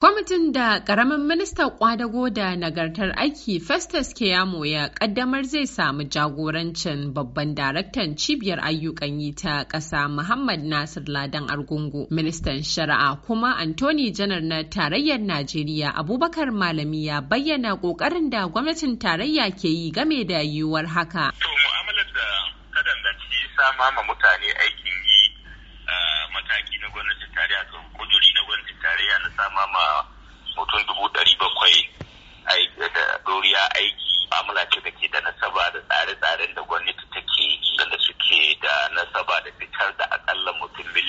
Kwamitin da ƙaramin ministan ƙwadago da nagartar aiki Festus Keyamo ya ƙaddamar zai samu jagorancin babban daraktan cibiyar ayyukan yi ta ƙasa Muhammad Nasir Ladan Argungu, ministan shari'a kuma Anthony Janar na tarayyar Najeriya Abubakar Malami ya bayyana ƙoƙarin da gwamnatin tarayya ke yi game da yiwuwar haka. ta mutane aikin yi ah, mataki na na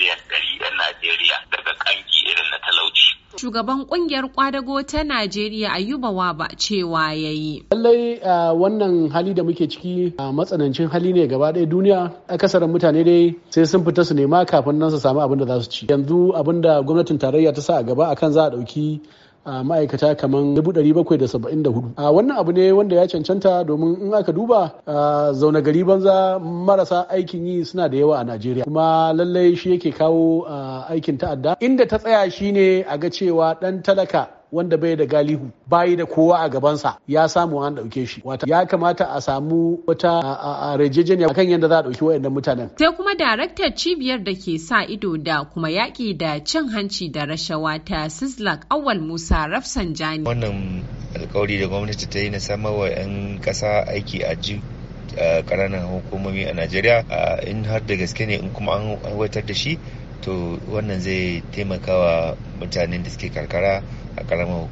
miliyan ɗari na Najeriya daga kanki irin na talauci. Shugaban ƙungiyar kwadago ta Najeriya Ayuba Waba cewa ya yi. Lallai wannan hali da muke ciki a matsanancin hali ne gaba ɗaya duniya akasarin mutane dai sai sun fita su nema kafin nan su samu abin da za su ci. Yanzu abin da gwamnatin tarayya ta sa a gaba akan za a ɗauki a ma'aikata kamar da saba'in 774 a wannan abu ne wanda ya cancanta domin in aka duba zaune gari banza marasa aikin yi suna da yawa a najeriya kuma lallai shi yake kawo aikin ta'adda inda ta tsaya shine a ga cewa dan talaka wanda bai da galihu bayi da kowa a gabansa ya samu an dauke shi wata ya kamata a samu wata rejejeniya kan yadda za a dauki wayannan mutanen sai kuma daraktar cibiyar da ke sa ido da kuma yaki da cin hanci da rashawa ta sislak awal musa rafsanjani wannan alkawari da gwamnati ta yi na samarwa 'yan kasa aiki a ji ƙananan hukumomi a najeriya in har da gaske ne in kuma an aiwatar da shi to wannan zai taimakawa mutanen da suke karkara a karamar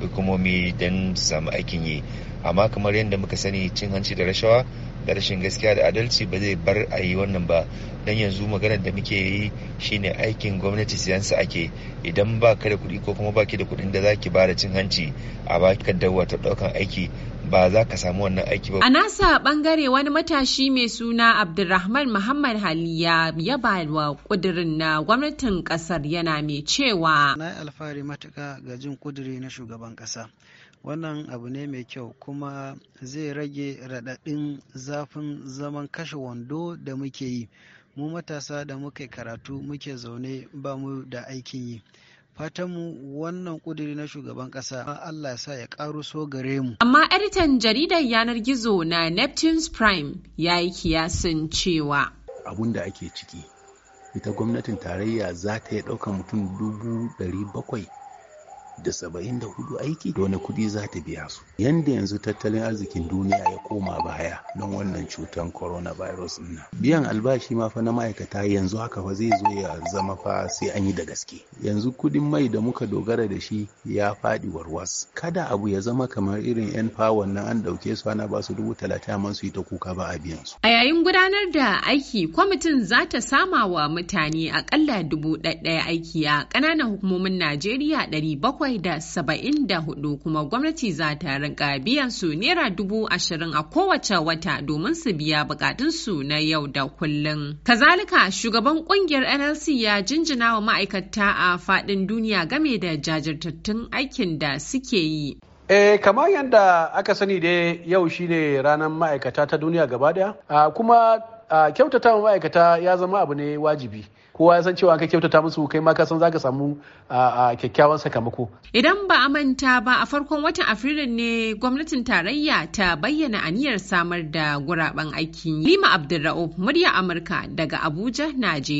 hukumomi don samu aikin yi amma kamar yadda muka sani cin hanci da rashawa da rashin gaskiya da adalci ba zai bar a yi wannan ba don yanzu maganar da muke yi shine aikin gwamnati siyansa ake idan ba ka da kuɗi ko kuma ba ki da kuɗin da za ki bada cin hanci a baki ka dawa ta aiki ba za ka samu wannan aiki ba. A nasa bangare wani matashi mai suna Abdulrahman Muhammad Haliya ya ba wa kudirin na gwamnatin kasar yana mai cewa. Na alfahari matuka ga jin kudiri na shugaban kasa. Wannan abu ne mai kyau kuma zai rage raɗaɗin zafin zaman kashe wando da muke yi. Mu matasa da muke karatu muke zaune ba mu da aikin yi. fatanmu wannan kuduri na shugaban kasa Allah ya sa ya karu so gare mu. Amma editan jaridar yanar gizo na Neptune's Prime ya yi kiyasin cewa. Abun da ake ciki, ita gwamnatin tarayya za ta yi ɗaukar mutum dubu ɗari bakwai da saba'in da hudu aiki da wani kuɗi za ta biya su Yadda yanzu tattalin arzikin duniya ya koma baya don wannan cutar coronavirus na nan biyan albashi ma fa na ma'aikata yanzu haka fa zai zo ya zama fa sai an yi da gaske yanzu kuɗin mai da muka dogara da shi ya faɗi warwas kada abu ya zama kamar irin yan fawon nan an ɗauke su ana ba su dubu talatin man su yi ta kuka ba a biyan su a yayin gudanar da aiki kwamitin za ta sama wa mutane akalla dubu ɗaya aiki a ƙananan hukumomin najeriya ɗari bakwai bakwai da saba'in da hudu kuma gwamnati za ta rinka biyan su naira dubu ashirin a kowace wata domin su biya bukatunsu na yau da kullum. Kazalika shugaban kungiyar NLC ya jinjina wa ma'aikata a fadin duniya game da jajirtattun aikin da suke yi. Eh, kamar yadda aka sani dai yau shine ranar ma'aikata ta duniya gaba daya, ah, kuma kyautata wa ma'aikata ya zama abu ne wajibi kowa ya san cewa ka kyautata musu kai ma ka san zaka samu a kyakkyawan sakamako idan ba a manta ba a farkon watan afrilu ne gwamnatin tarayya ta bayyana aniyar samar da guraben aikin lima Abdulra'u, murya amurka daga abuja najeriya